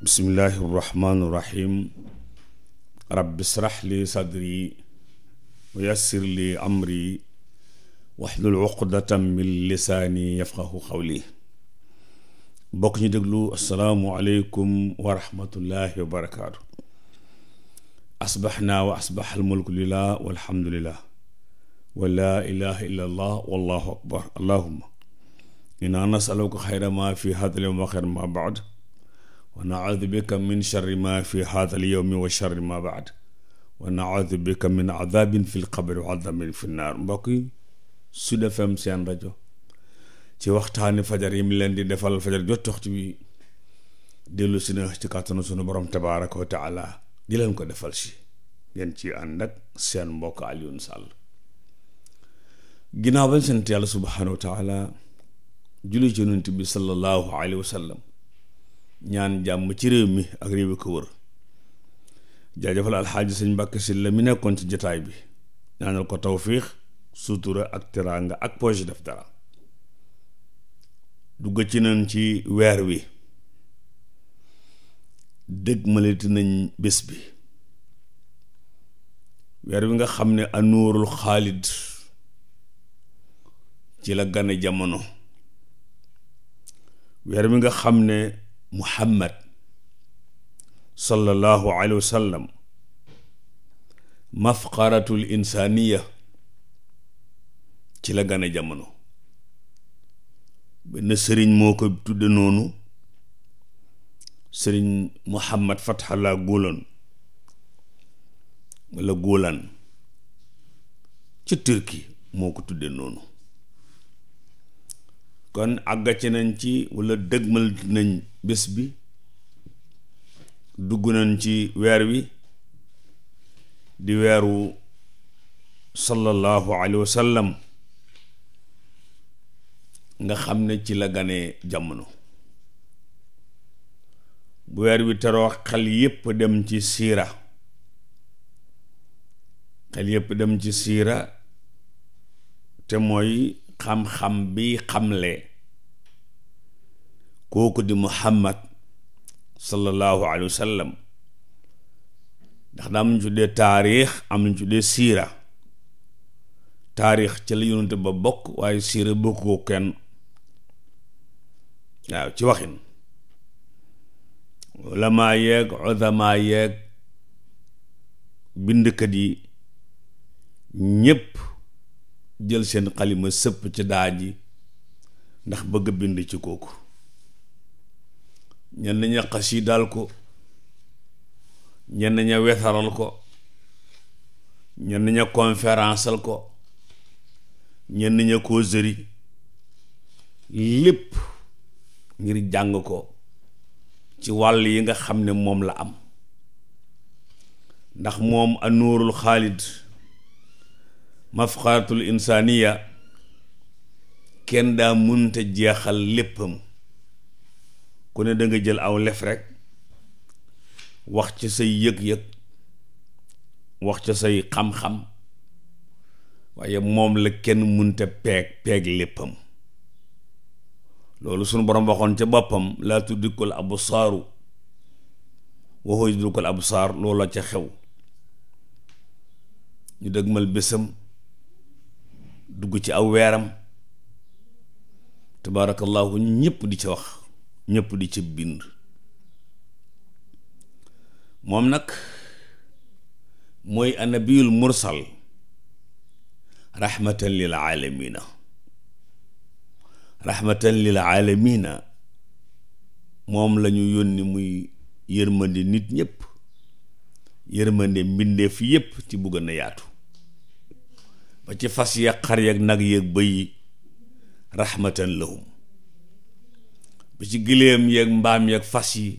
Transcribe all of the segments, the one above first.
bismillaahi rahmaani rahiim rabbi srax li sadri wa yassir li amri waxlul uqdatam min lisaani yafqahu xawli bokk ñu déglu asalaamu aleykum wa rahmatullaahi wa barakaatu asbaxnaa wa asbax almulku lillah walhamdulillah wa laa ilaha illa allah wallahu akbar allahuma inaa nasaluka xayra ma fi hada lyowm wa xayra ma baad wa naudu bika min charri ma fi haada al wa charri ma baad wa naudu bika min adabin fi lqabri wa adabin fi naar mbokk yi Sud seen rajo ci waxtaani fajar yi mu leen di defal fajar jot waxtu bi dellu si na ci kàttanu sunu borom tabaaraka wa di leen ko defal si ngeen ci ànd seen mbokk Alioune Sall ginnaaw bañ sant yàlla subhaanahu wa taala julli ci yonent bi sallallahu alayhi wa ñaan jàmm ci réew mi ak réew yi ko wër jaajëfal alxaaji sëñ Mbàkke Sylla mi nekkoon ci jataay bi ñaanal ko tawfiix sutura ak teraanga ak projet def dara dugg ci nañ ci weer wi dëgg malati nañ bés bi weer wi nga xam ne anuurul xaalid ci la gane jamono weer wi nga xam ne muhammad sallallahu alayhi wa sallam mafqaratul insaaniya ci la gane jamono benn sëriñ moo ko tudde noonu sëriñ muhammad fatxalaa góolan walla góolan ci turki moo ko tudde noonu kon àggace nañ ci walla dëgmal nañ bés bi dugg nañ ci weer wi di weeru sallallahu alayhi wa sallam nga xam ne ci la gane jamono bu weer wi teroo xel yépp dem ci siira xel yépp dem ci siira te mooy xam-xam bi xamle kooku di muhammad sallallahu alayhi wa sallam ndax daa am nañ tuddee taarix am nañ tuddee siira taarix ci la yonente ba bokk waaye siira bokk ko kenn waaw ci waxin ulamaa yeeg udamaa yeeg bindkat yi ñépp jël seen xalima sëpp ci daa ji ndax bëgg bind ci kooku ñenn ña daal ko ñenn ña wesaral ko ñenn ña conférenceal ko ñenn ña causerie lépp ngir jàng ko ci wàll yi nga xam ne moom la am ndax moom anuurul xaalid mafxaratul insaaniya kenn daa munta jeexal léppam ku ne da nga jël aw lef rek wax ca say yëg-yëg wax ca say xam-xam waaye moom la kenn munta peeg peeg léppam loolu sunu borom waxoon ca boppam laa tuddikul absaaru waxoo yuddikul absaar loolu la ca xew ñu dëgmal bésam dugg ci aw weeram tabaarakallaahu ñëpp di ci wax ñëpp di ci bind moom nag mooy annabiyul mursal rahmatan lil aalamina rahmatan lil aalamina moom la ñu yónni muy yërmande nit ñëpp yërmande mbindeef yëpp ci bugg na yaatu ba ci fas yeeg xar yeeg nag yeeg bëy yi rahmatan lahum ba ci giléem yeeg mbaam yeeg fas yi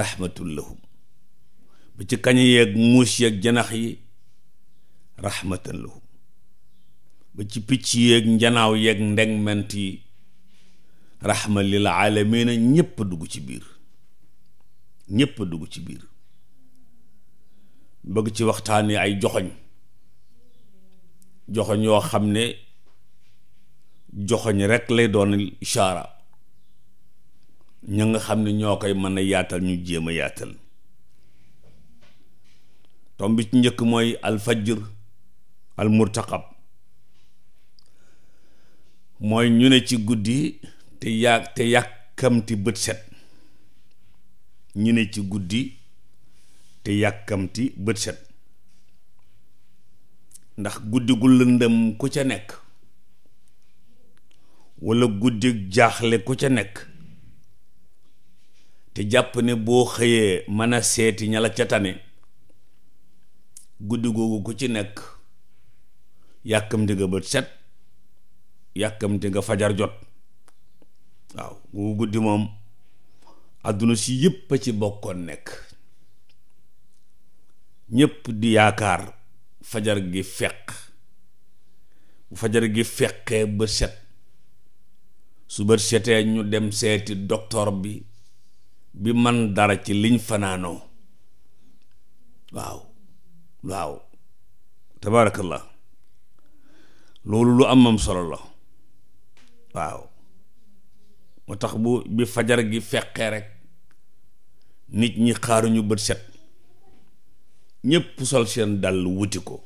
rahmatul lahum ba ci kañ yeeg muus yeeg janax yi rahmatan ba ci picc yeeg njanaaw yeeg ndeng ment yi rahma lil alamina ñépp dugg ci biir ñépp dugg ci biir bëgg ci waxtaan yi ay joxoñ joxoñ yoo xam ne joxoñ rekk lay doon ishaara ña nga xam ne ñoo koy mën a yaatal ñu jéem a yaatal tom ci njëkk mooy alfajr al murtaqab mooy ñu ne ci guddi te yaa te yàkkamti bët set ñu ne ci guddi te yàkkamti bët set ndax guddi gu lëndëm ku ca nekk walla guddi jaaxle ku ca nekk te jàpp ne boo xëyee mën a seeti ña la ca tane guddi googu ku ci nekk yàkkamte nga bët set yàkkamte nga fajar jot waaw googu guddi moom àdduna si yépp a ci bokkoon nekk ñépp di yaakaar fajar gi feq fajar gi feqee ba set su bët setee ñu dem seeti doktoor bi bi man dara ci liñ fanaanoo waaw waaw tabaarakallah loolu lu amam solo la waaw moo tax bu bi fajar gi feqee rek nit ñi xaaruñu bët set ñépp sol seen dàll wuti ko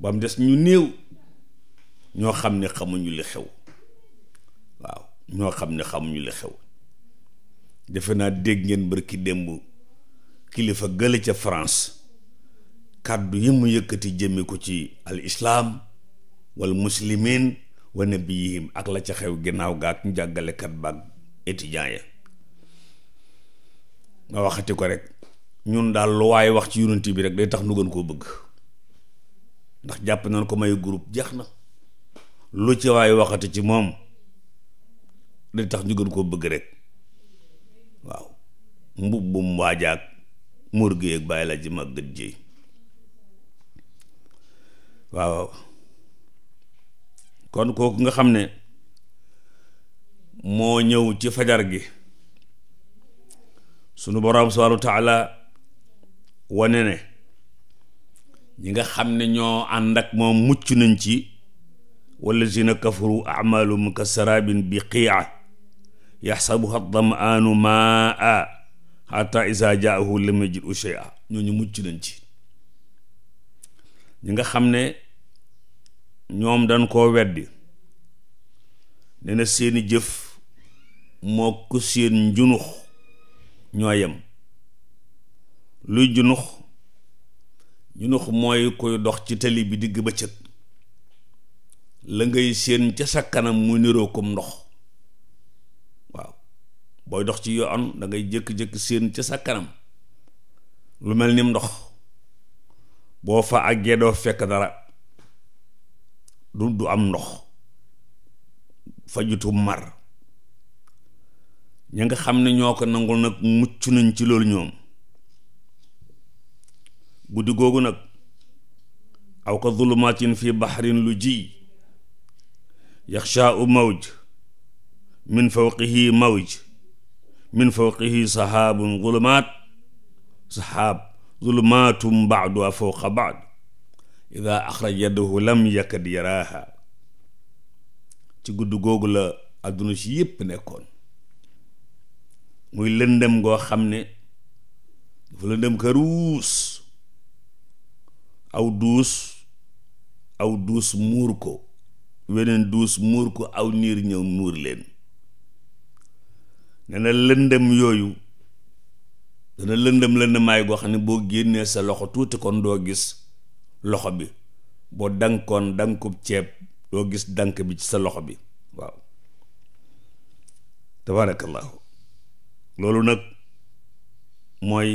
ba mu des ñu néew ñoo xam ne xamuñu li xew waaw ñoo xam ne xamuñu li xew defe naa dégg ngeen bërki démb kilifa gële ca France kàddu yi mu yëkkati jëme ko ci al islaam wal muslimin wa nabiyihim ak la ca xew ginnaaw ga ak njàggalekat baag étudiant ya nga waxati ko rek ñun daal lu waaye wax ci yonent bi rek day tax nu gën koo bëgg ndax jàpp nañ ko may groupe jeex na lu ci waaye waxati ci moom day tax ñu gën koo bëgg rek waaw mbubbum waajaak muur gi ak bàyyi la ji mag gët ji waaw kon kooku nga xam ne moo ñëw ci fajar gi sunu boroom subhaanahu wa taala wane ne ñi nga xam ne ñoo ànd ak moom mucc nañ ci wallazina kafaru amalum ka sarabin bi qiia yaxsabuha damaanu maa xata isa jaahu lam yajidu shay'a ñooñu mucc nañ ci ñi nga xam ne ñoom dañ koo weddi ne na seeni jëf moo ko seen njunux ñoo yem luy junux junux mooy koy dox ci tali bi digg bëccëg la ngay séen ca sa kanam mu niroo kom ndox waaw booy dox ci yoon da ngay jékki-jékki séen ca sa kanam lu mel ni ndox boo fa àggee doo fekk dara du du am ndox fajutu mar ña nga xam ne ñoo ko nangul nag mucc nañ ci loolu ñoom guddi googu nag aw ka zulumaatin fi baxrin lu ji yaxshaau mawj min fawqihi mawj min fawqihi sahaabun zulumaat sahaab zulumaatum baaduha fawqa baad ida axraj yadahu lam yakad yaraaha ci gudd googu la adduna si yépp nekkoon muy lëndëm goo xam ne dafa lëndëm ka ruus aw duus aw duus muur ko weneen duus muur ko aw niir ñëw muur leen nee lëndëm yooyu dana lëndëm lëndëmaay goo xam ne boo génnee sa loxo tuuti kon doo gis loxo bi boo dankoon dankub ceeb doo gis dank bi ci sa loxo bi waaw tabaarakallaahu loolu nag mooy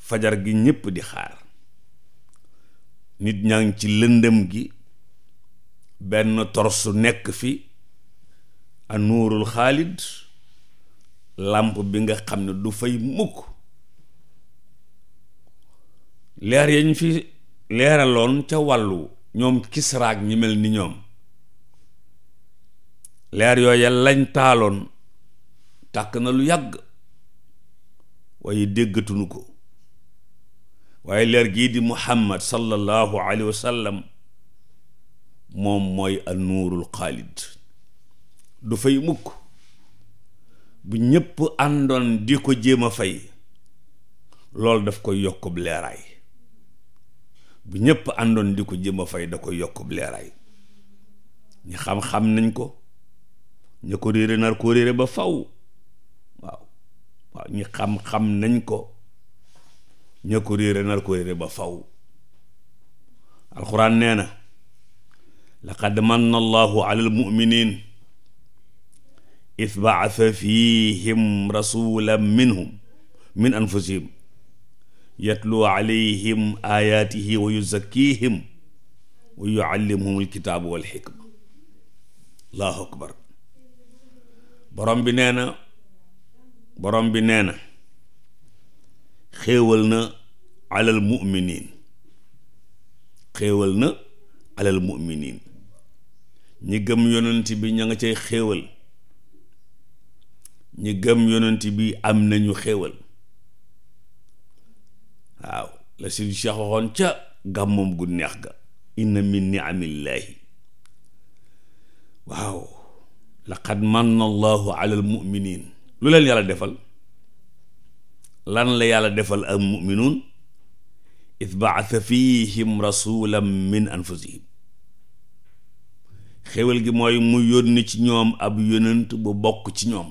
fajar gi ñépp di xaar nit ñaa ci lëndëm gi benn torsu nekk fi nuurul xaalid làmp bi nga xam ne du fay mukk leer yañ fi leeraloon ca wàllu ñoom kisraag ñi mel ni ñoom leer yooya lañ taaloon tàkk na lu yàgg waaye déggatuñu ko waaye leer gii di muhammad sallallahu alayhi wa sallam moom mooy al nuurul xaalid du fay mukk bu ñépp àndoon di ko jéem a fay loolu daf koy yokkub leeraay bu ñépp àndoon di ko jéem a fay da koy yokkub leeraay ñi xam-xam nañ ko ña ko réere nar ko réere ba faw waaw waaw ñi xam-xam nañ ko ñoo ko réere nar ko réere ba faw alxuraan nee na laqad manna allahu ala almuminin id baasa fihim rasulan minhum min anfusihim yatluu alayhim ayatihi wa yuzakkihim wa yuallimuhum alkitaaba walxikma allahu akbar borom bi nee na borom bi nee na xéewal na alal muminin xéewal na alal muminin ñi gëm yonent bi ña nga cay xéewal ñi gëm yonent bi am nañu xéewal waaw la si Cheikh ca gàmmoom gu neex ga inna min niamillaahi waaw laqad manna allahu ala almuminin lu leen yàlla defal lan la yàlla defal al muminuun id baasa fihim rasulan min anfusihim xéwal gi mooy mu yónni ci ñoom ab yónent bu bokk ci ñoom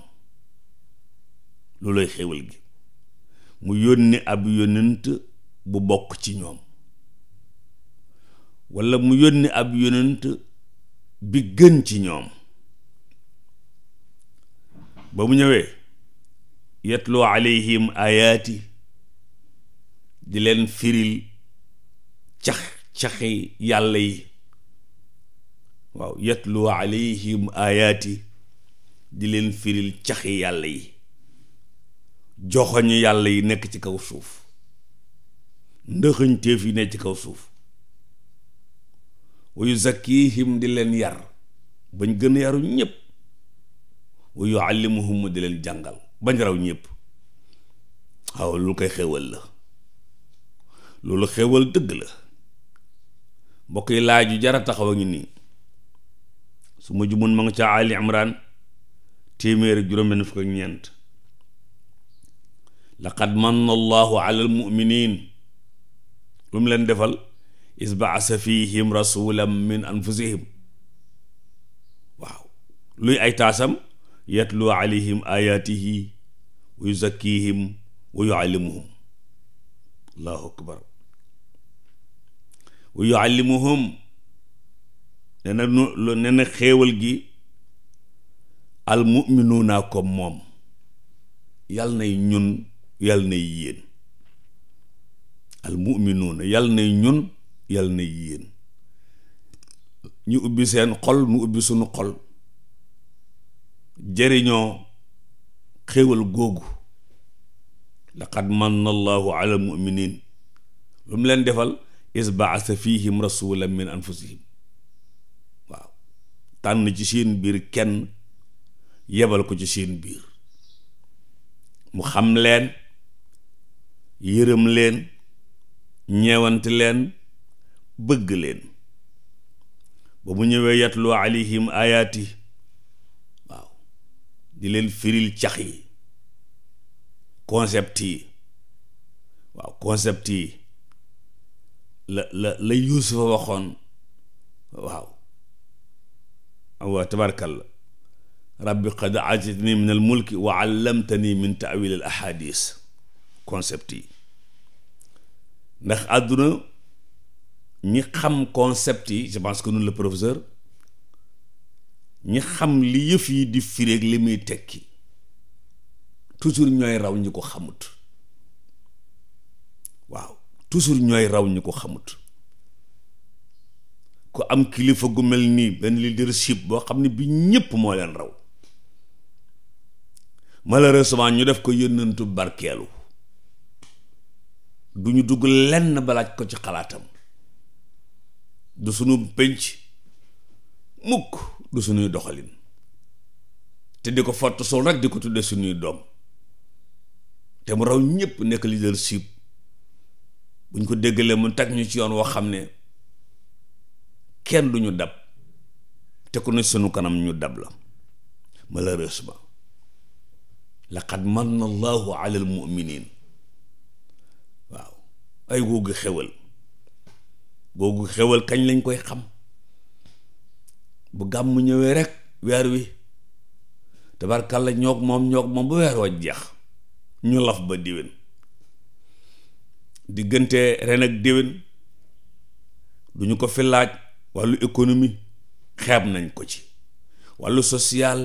looloy xéwal gi mu yónni bokk ci ñoom walla mu yónni ab yónent bi gën ci ñoom ba mu ñëwee yatlu alayhim ayaati di leen firil cax-caxi yàlla yi waaw yatlu ayaati di leen firil caxi yàlla yi joxoñ yàlla yi nekk ci kaw suuf ndëxëñteef yi nekk ci kaw suuf wa yuzakkihim di leen yar bañ gën a yaru ñépp wa yuallimuhum di leen jàngal bañ raw ñëpp waaw lu koy xéwal la loolu xéwal dëgg la mbokk yi laaj yu jara taxaw a ngi nii su ma jumoon ma nga ca Ali Imran téeméer ak juróom benn fukk ak ñeent laqad manna allahu ala almuminin lu mu leen defal is baasa fihim rasulan min anfusihim waaw luy ay taasam yatlu alayhim ayaatihi wa yuzakkihim wa yuallimuhum allahu akbar wa yuallimuhum nee na nu nee na xéewal gi almuminuuna ko moom yàll nay ñun yàll nay yéen almuminuuna yàll nay ñun yàll nay yéen ñu ubbi seen xol nu ubbi sunu xol jëriñoo xewal googu laqad man allahu ala almuminin lu mu leen defal is baasa fihim rasulan min anfusihim waaw tànn ci siin biir kenn yebal ko ci siin biir mu xam leen yërëm leen ñeewante leen bëgg leen ba mu ñëwee yatlu alayhim ayaati di leen firil cax yi concept yi waaw concept yi la la la yuusufa waxoon waaw waaw tabarkalla rabbi qad aatitni min al wa allamtani min taawil al concept yi ndax àdduna ñi xam concept yi je pense que nun la professeur ñi xam li yëf yi di fireeg li muy tekki toujours ñooy raw ñu ko xamut waaw toujours ñooy raw ñu ko xamut ku am kilifa gu mel nii benn leadership boo xam ne bi ñépp moo leen raw malheureusement ñu def ko yónnantu barkeelu du ñu dugg lenn balaaj ko ci xalaatam du sunu pénc mukk du suñuy doxalin te di ko fott sol rek di ko tudde suñuy doom te mu raw ñëpp nekk leadership buñ ko déggalee mu tag ñu ci yoon woo xam ne kenn du ñu dab te ku ne sunu kanam ñu dab la malheureusement laqad manna allahu ala almuminin waaw ay googu xewal googu xewal kañ lañ koy xam bu gàmm ñëwee rek weer wi tabarkàlla ñoog moom ñoog moom bu weer wa jeex ñu laf ba diwén diggante ren ak déwén ko fi laaj wàllu économie xeeb nañ ko ci wàllu social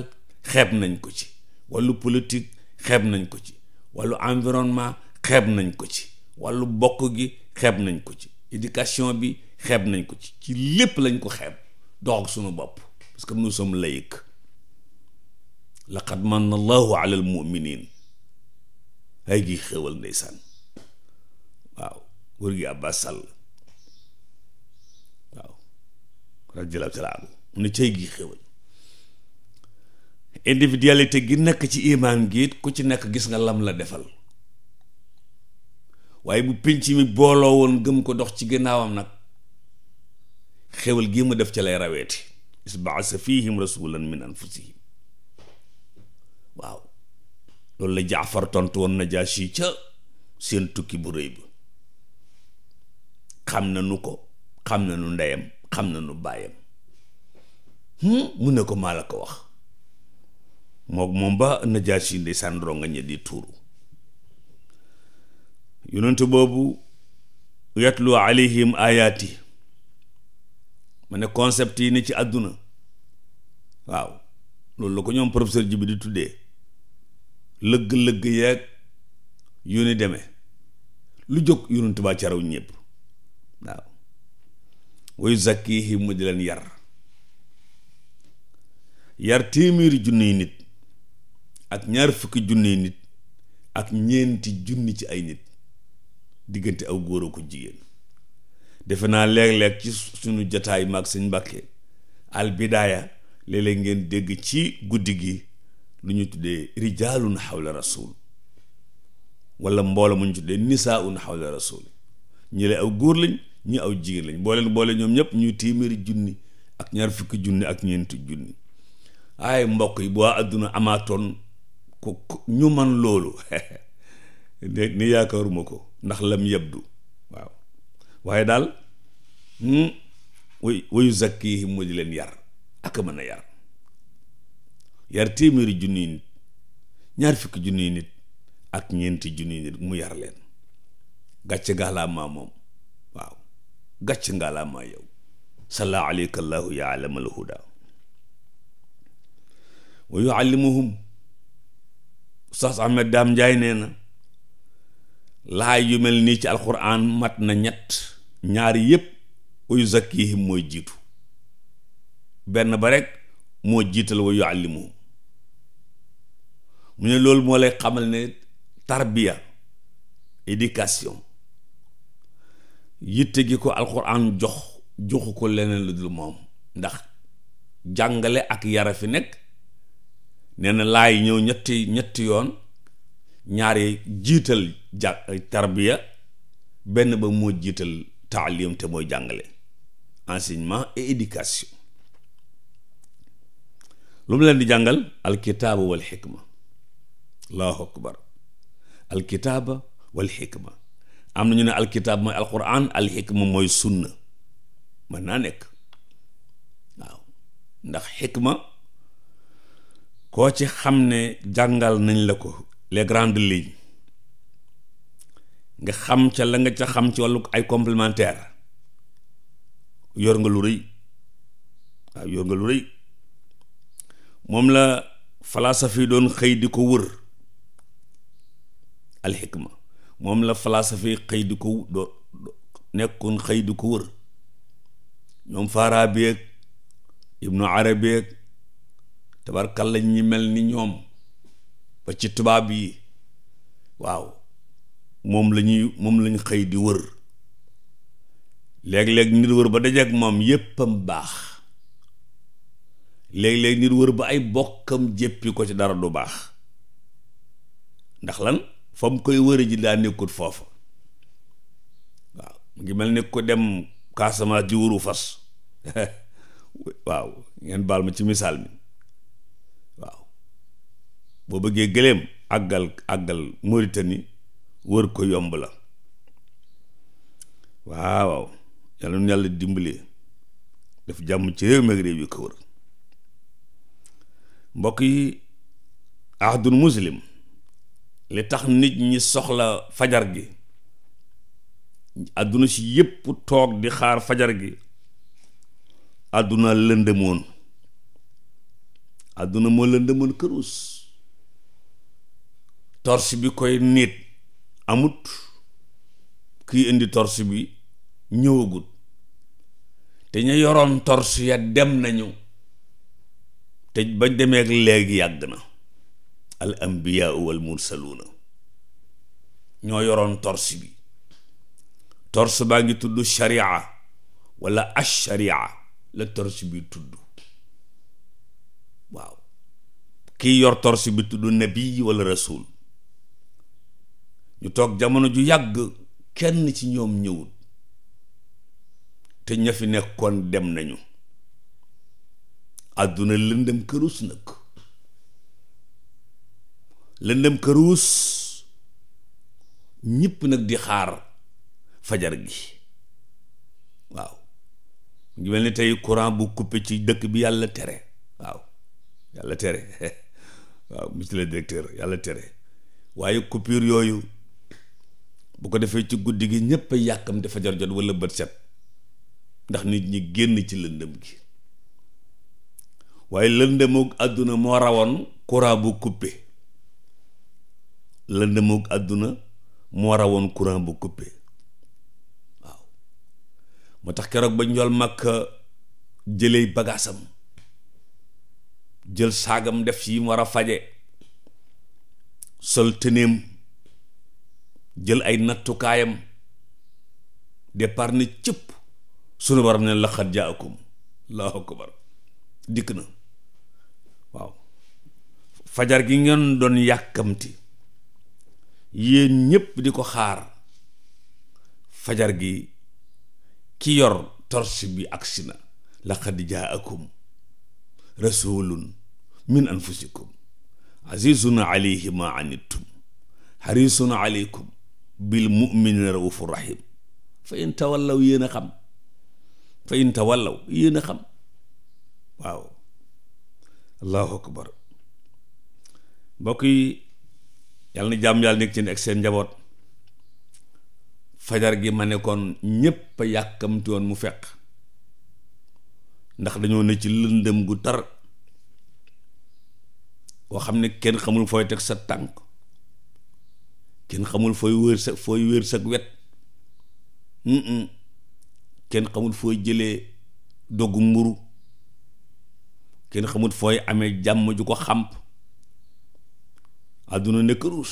xeeb nañ ko ci wàllu politique xeeb nañ ko ci wàllu environnement xeeb nañ ko ci wàllu bokk gi xeeb nañ ko ci éducation bi xeeb nañ ko ci ci lépp lañ ko xeeb doog sunu bopp parce que nous sommes laïcs laqad manna allahu ala al muminin ay gi xéwal ndeysaan waaw wër gi Abbas Sall waaw radiyallaahu taala anhu mu ne cay gi xéwal individualité gi nekk ci imaan gi ku ci nekk gis nga lam la defal waaye bu pinc mi booloo woon gëm ko dox ci gannaawam nag xewal gi def ca lay raweeti isbaasa fihim rasulan min fusi waaw loolu la jaafar tontu woon na jaashi ca seen tukki bu rëy bi xam na nu ko xam na nu ndeyam xam na nu bàyyam hmm? mu ne ko maa la ko wax mook moom ba najaasi ndeysaan ronga ña di tuuru yonent boobu yatlu alayhim ayaati ma ne concept yi ni ci àdduna waaw loolu la ko ñoom professeur ji bi di tuddee lëgg-lëgg yeeg yu deme lu jóg yonent baa ca raw ñëpp waaw wayu zakkihim mu di leen yar yar téeméeri junniy nit ak ñaar fukki junniy nit ak ñeenti junni ci ay nit diggante aw góor ko jigéen defe naa léeg-léeg ci suñu jotaay mag sëñ Mbàkke albidaaya léeg-léeg ngeen dégg ci guddi gi lu ñu tuddee rijaalun xawla rasul wala mboolo mu ñu tuddee nisaaun xawla rasul ñi lay aw góor lañ ñi aw jigéen lañ booleen boole ñoom ñëpp ñuy téeméeri junni ak ñaar fukki junni ak ñeenti junni aay mbokk yi boo àdduna amaatoon ku ñu man loolu ne ni yaakaaruma ko ndax lam yabdu waaye daal hmm, wayu wayu zakkihim mu di leen yar ak mën yar yar téeméeri junniy nit ñaar fukki junniy nit ak ñeenti junniy nit mu yar leen gàcce ngaalaamaa moom waaw gàcce ngaalaamaa yow salla aleyka allahu ya alamal huda wa yuallimuhum Oustaz Ahmed Dame Ndiaye nee na laay yu mel nii ci alquran mat na ñett ñaari yépp wa yuzakkihim mooy jiitu benn ba rek moo jiital wa yuallimuhum mu ne loolu moo lay xamal ne tarbiya éducation yitte gi ko alxuraan jox joxu ko leneen lu dul moom ndax jàngale ak yara fi nekk nee na laay ñëw ñetti ñetti yoon ñaari jiital ja tarbiya benn ba moo jiital taalim te mooy jàngale enseignement et éducation lu mu leen di jàngal alkitaaba wal xikma allahu am na ñu ne alkitaab mooy alquran alxikma mooy sunna mën naa nekk waaw ndax xikma koo ci xam ne jàngal nañ la ko les grandes lignes nga xam ca la nga ca xam ci wàllu ay complémentaire yor nga lu rëy waaw nga lu rëy moom la falaasa yi doon xëy di ko wër alxikma moom la falaasafa yi xëy di ko nekkoon xëy wër ñoom Farabi ak Ibnu Arabi tabarkal la ñi mel ni ñoom ba ci tubaab yi waaw moom la ñuy moom lañ xëy di wër léeg-léeg nit wër ba dajeek moom yéppam baax léeg-léeg nit wër ba ay bokkam jéppi ko ci dara du baax ndax lan fa mu koy wëri ji daa nekkut foofu waaw mu ngi mel ni ko dem Casamance di wëru fas waaw ngeen baal ma ci misaal mi waaw boo bëggee gëléem àggal àggal Mauritanie wër ko yomb la waaw yàlla nu yàlla dimbali def jàmm ci réew mi réew yi ko wër mbokk yi ahdul muslim li tax nit ñi soxla fajar gi àdduna si yépp toog di xaar fajar gi àdduna lëndëmoon àdduna moo lëndëmoon këruus torche bi koy nit amut kiy indi torse bi ñëwagut te ñu yoroon torse ya dem nañu te ba demeek léegi yàgg na al anbiyaa wal mursaluuna ñoo yoroon tors bi torse baa ngi tudd sharia walla ash la torse bi tudd waaw kiy yor tors bi tudd nabi walla rasul ñu toog jamono ju yàgg kenn ci ñoom ñëwul te ña fi nekkoon dem nañu àdduna lëndëm këruus nag lëndëm këruus ñëpp nag di xaar fajar gi waaw ngi mel ni tey courant bu coupé ci dëkk bi yàlla tere waaw yàlla tere waaw monsieur le directeur yàlla tere waaye coupure yooyu bu ko defee ci guddi gi ñëpp a yàkkam dafa jar jot wala bët set ndax nit ñi génn ci lëndëm gi waaye lëndëmug àdduna moo rawoon courant bu kuppe lëndëmug àdduna moo rawoon courant bu kuppe waaw moo tax keroog ba njool mag jëlee bagaasam jël saagam def yi mu war a faje sol tëneem jël ay nattukaayam départ ne cëpp sunu borom ne laqad jaakum allahu akbar dikk na waaw fajar gi ngeen doon yàkkamti yéen ñépp di ko xaar fajar gi ki yor torche bi agsi na laqad jaakum rasulun min anfusikum azizun alayhi ma anittum harisun alaykum bil muminina raufu rahim fa tawallaw yéen a xam fa tawallaw yéen a xam waaw allahu akbar mbokk yi yàlla na jàmm yàlla nekk ci ak seen njaboot fajar gi ma nekkoon kon ñépp yàkkamti woon mu fekk ndax dañoo ne ci lëndëm gu tar koo xam ne kenn xamul fooy teg sa tànk kenn xamul fooy wër sa wet kenn xamul fooy jëlee doggu mburu kenn xamul fooy amee jàmm ju ko xàmp àdduna nekk ruus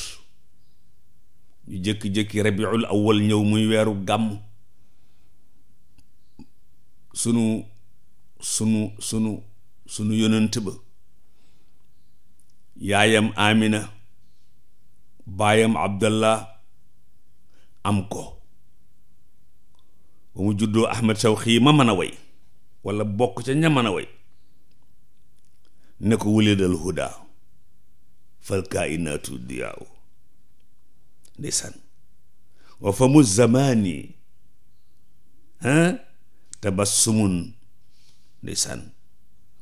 ñu jékki-jékki rabiul ñëw muy weeru gàmm sunu sunu sunu sunu yonent ba yaayam amina baayam abdallah am ko ba mu juddoo ahmed sawxi ma mën a way walla bokk ca ña mën a ne ko wulidal huda fal kainaatu diyaaw ndeysaan wa famu zamani ha ah, tabassumun ndeysaan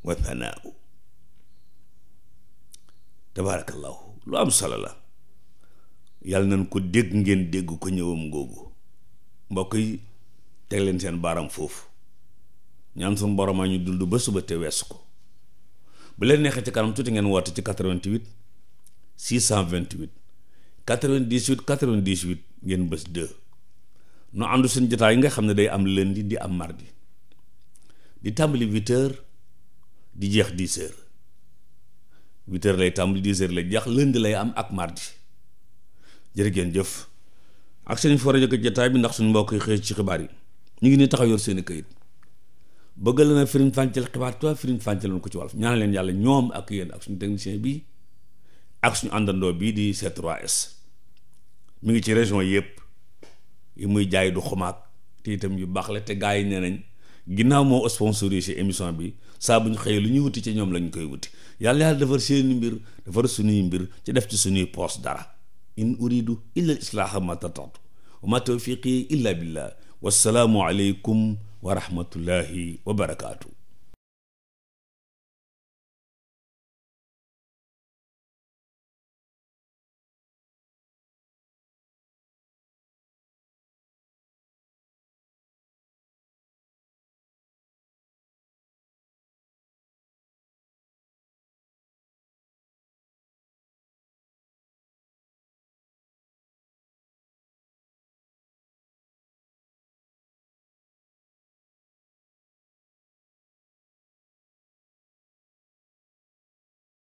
wa thanaaw tabaarakallahu lu am solo la yàlla nañ ko dégg ngeen dégg ko ñëwam ngoogu mbokk yi teg leen seen baaram foofu ñaan suñu borom a ñu dund ba suba te weesu ko bu leen neexee ci kanam tuuti ngeen woote ci 88 628 98 98 ngeen bës 2 nu àndu seen jotaay yi nga xam ne day am lundi di am mardi di tàmbali 8 di jeex 10 heures 8 heures lay tàmbali 10 heures lay jeex lundi lay am ak mardi. jërë ngeen jëf ak seen fi war a jotaay bi ndax suñu mbokk yi xëy ci xibaar yi mu ngi nii taxaw yor seen i këyit bëgg la na firim fàncel xibaar toi firim ko ci wàllu ñaan leen ñoom ak yéen ak suñu technicien bi ak suñu àndandoo bii di c 3 ngi ci région yëpp yi muy jaay du xumaag te itam yu baax la te gars yi nee nañ ginnaaw moo sponsorisé émission bi saa bu ñu xëyee lu ñuy wuti ci ñoom lañu koy wuti yàlla yàlla defar seeni mbir defar suñuy mbir ci def ci suñuy poos dara in uridu illa al islaaha ma tataatu wa ma tawfiqi illa billah wassalaamu aleykum wa rahmatullahi wa barakaatu